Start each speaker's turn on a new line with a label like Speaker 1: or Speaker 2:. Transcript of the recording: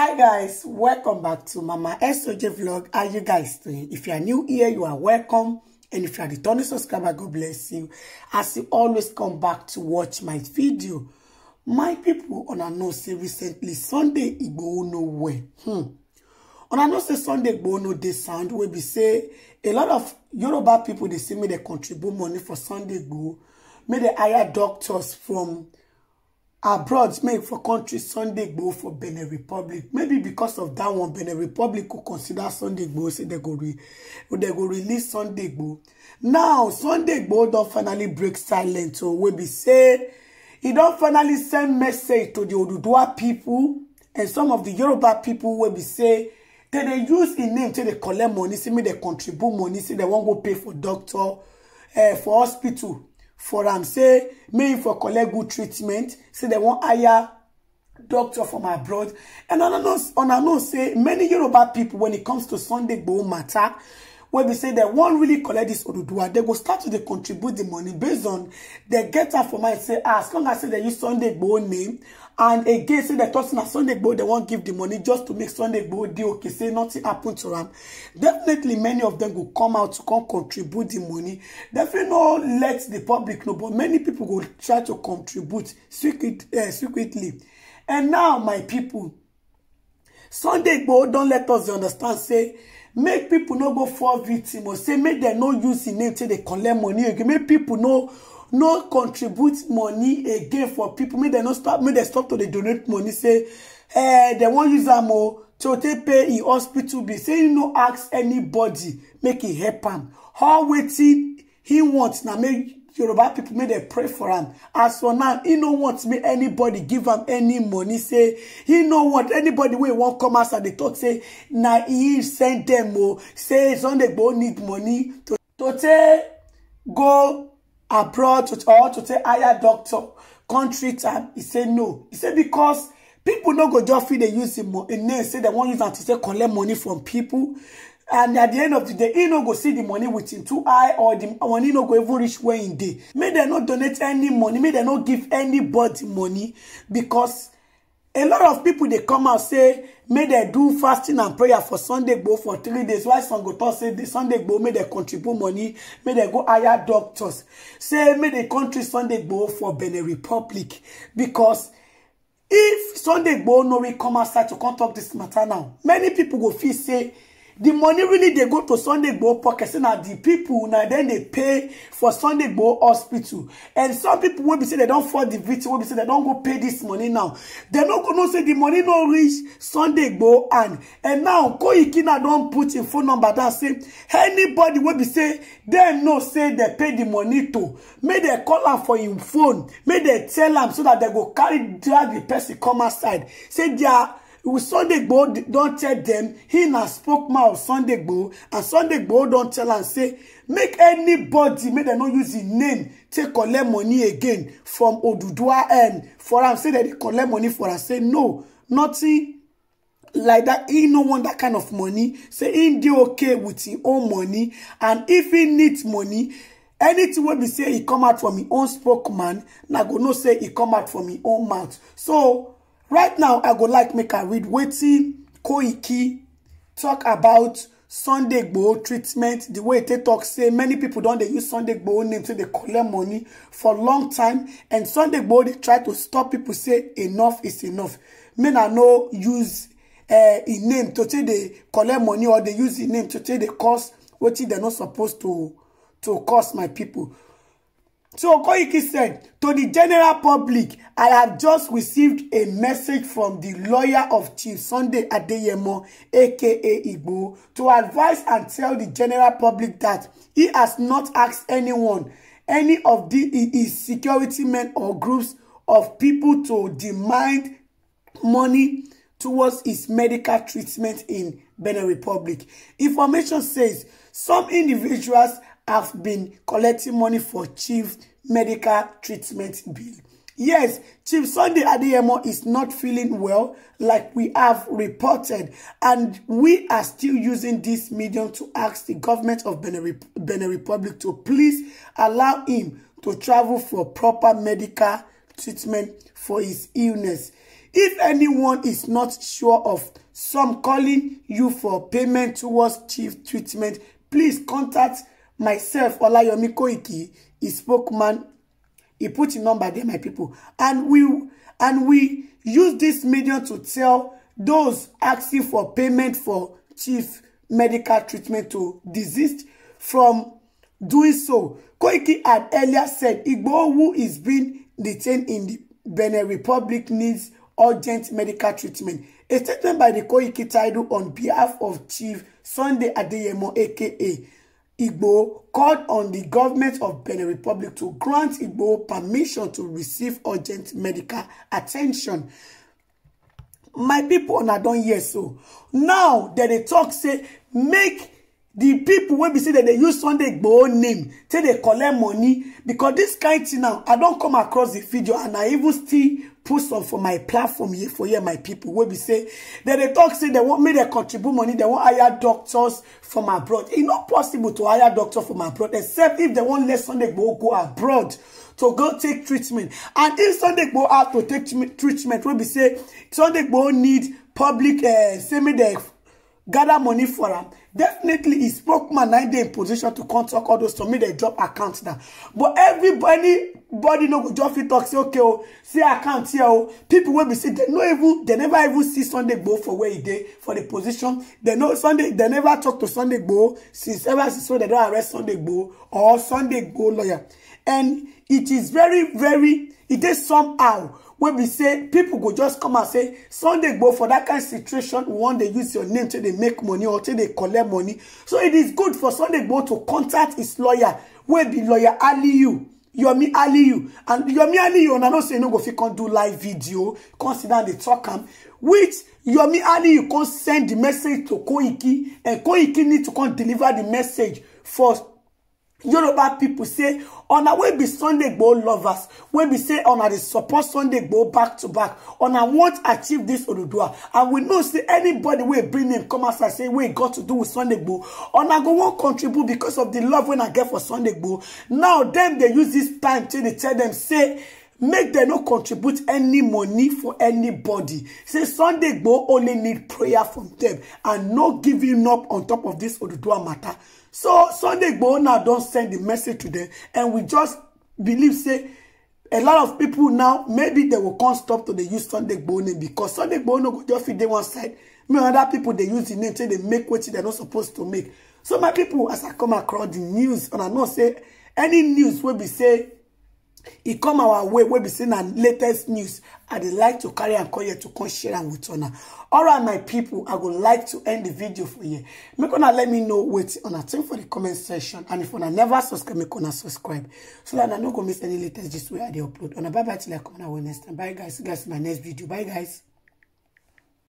Speaker 1: hi guys welcome back to mama soj vlog how you guys doing if you are new here you are welcome and if you are returning subscriber god bless you as you always come back to watch my video my people on a no say recently sunday igboho no way. hmm a no say sunday igboho no dey sound wey be say a lot of yoruba people They see me. They contribute money for sunday go. make dem hire doctors from abroad make for country sunday go for benin republic maybe because of that one benin republic go consider sunday go say they go release sunday go now sunday go don finally break silence So oh, we be say he don't finally send message to the oduduwa people and some of the yoruba people. wey be say dem they use im e name say they collect money See me dem contribute money See they won't go pay for doctor eh, for hospital for am say make for collect good treatment say dem wan hire doctor from abroad and una know say many yoruba people when it comes to sunday gboo matter wey be say dem wan really collect this oduduwa dem go start to dey contribute the money based on dem get am for mind say ah, as long as say dem use sunday gboo name and again say the tok na sunday gboo they wan give the money just to make sunday gboo dey okay say nothing happen to am definitely many of them go come out to come contribute the money definitely no let the public know but many people go try to contribute eh, secretly and now my people, sunday gboo don let us understand say make people no go fall victim or say make dem no use the name say dey collect money again make people no no contribute money again for people. make they no stop make they stop to the donate money say eh they wan use am more. to take pay in hospital Be say im no ask anybody make it happen. How all He im want na make yoruba people. make they pray for him. as for now he no want me anybody give him any money say he no want anybody We won't come outside dey talk say now he send them more. say sunday go need money to to take go abroad to, or to take higher doctor country time He said no He said because people no go just fit dey use him name say they want use am to say collect money from people and at the end of the day he no go see the money with him two eye or the money no go even reach where in day. May they not donate any money May they not give anybody money because a lot of people they come out say "May they do fasting and prayer for sunday go for three days Why some go talk say "The sunday go may they contribute money may they go hire doctors say "May the country sunday go for benin republic because if sunday go no we come outside to contact this matter now many people go feel say the money really they go to sunday igboho pocket say the people now. Then they pay for sunday igboho hospital and some people will be say they don't fall the victim will be say they don't go pay this money now They no go no say the money no reach sunday igboho and and now koyikina don't put im phone number that say anybody will be say dem no say they pay the money to May they call am for im phone May they tell them so that they go carry drag the person come outside say dia Sunday Igboho don't tell dem him na spokesman of Sunday Igboho and Sunday Igboho don't tell and say make anybody make them not use im name take collect money again from Oduduwa and um, for am say that dey collect money for us say no nothing like that he no want that kind of money say he do okay with his own money and if he needs money anything will be say he come out from his own spokesman na go no say he come out from his own mouth so right now i go like make i read wetin koiki talk about sunday gboo treatment The way e take tok say many people don dey use sunday gboo name say dey collect money for long time and sunday gboo dey try to stop people say enough is enough men i no use e name to say dey collect money or dey use e name to say dey cause wetin dem no suppose to to cause my people to Koiki said, to the general public, I have just received a message from the lawyer of Chief Sunday Adeyemo, aka Igbo, to advise and tell the general public that he has not asked anyone, any of the, his security men or groups of people to demand money towards his medical treatment in Benin Republic. Information says some individuals have been collecting money for chief medical treatment bill. Yes, Chief Sunday Adeyemo is not feeling well like we have reported and we are still using this medium to ask the government of Benin, Benin Republic to please allow him to travel for proper medical treatment for his illness. If anyone is not sure of some calling you for payment towards chief treatment, please contact myself, Olayomi Koiki, his spokesman, he put a number there, my people. And we and we use this medium to tell those asking for payment for chief medical treatment to desist from doing so. Koiki had earlier said Igboho, who is being detained in the Benin Republic, needs urgent medical treatment. A statement by the Koiki title on behalf of Chief Sunday Adeyemo, aka Igbo called on the government of Benin Republic to grant Igbo permission to receive urgent medical attention. My people, una done hear so. Now, dem dey talk say make The people wey be say dem dey use sunday gboo name say dey collect money because this kind thing now i don come across the video and i even still post am for my platform here for here my people wey be say dem dey talk say dem make dem contribute money dem wan hire doctors from abroad e no possible to hire doctor from abroad except if dem wan let sunday gboo go abroad to go take treatment and if sunday gboo have to take treatment wey be say sunday gboo need public eh, say make dem gather money for am definitely e spokesman na dey in position to contact all those to make dem drop account now but everybody body no go just talk say okay oh, see account here Oh, people will be see. They no even They never even see sunday gboo for where he day for the position They know sunday They never talk to sunday gboo since ever since so they don't arrest sunday gboo or sunday gboo lawyer and it is very very It is somehow wey be say people go just come and say sunday go for dat kain situation wan dey use your name till dey make money or till dey collect money so it is good for sunday go to contact his lawyer wey be lawyer aliyu yomi aliyu and yomi aliyu and i know say no go fit come do live video come sit down dey talk am which yomi aliyu come send the message to koiki and koiki need to come deliver the message for yoruba people say On ona way be sunday gboo lovers wey be say ona dey support sunday gboo back to back On ona want achieve this oludua and we know see anybody wey bring in come I say we got to do with sunday On ona go wan contribute because of the love when i get for sunday gboo now them they use this time to dey tell them say make dem not contribute any money for anybody say sunday go only need prayer from them and no giving up on top of dis oduduwa matter. so sunday go now don't send the message to them and we just believe say a lot of people now maybe they will come stop to the use sunday go name because sunday go no go just fit them one side make other people they use the name say they make wetin dem not supposed to make so my people as i come across the news and i know say any news wey be say It come our way We be seeing our latest news I'd like to carry and call you to come share am with una all right my people i would like to end the video for you. make gonna let me know wetin una think for the comment section and if una never subscribe make gonna subscribe so that I no go miss any latest This way i dey upload una bye bye till i come una next time bye guys see you guys in my next video bye guys.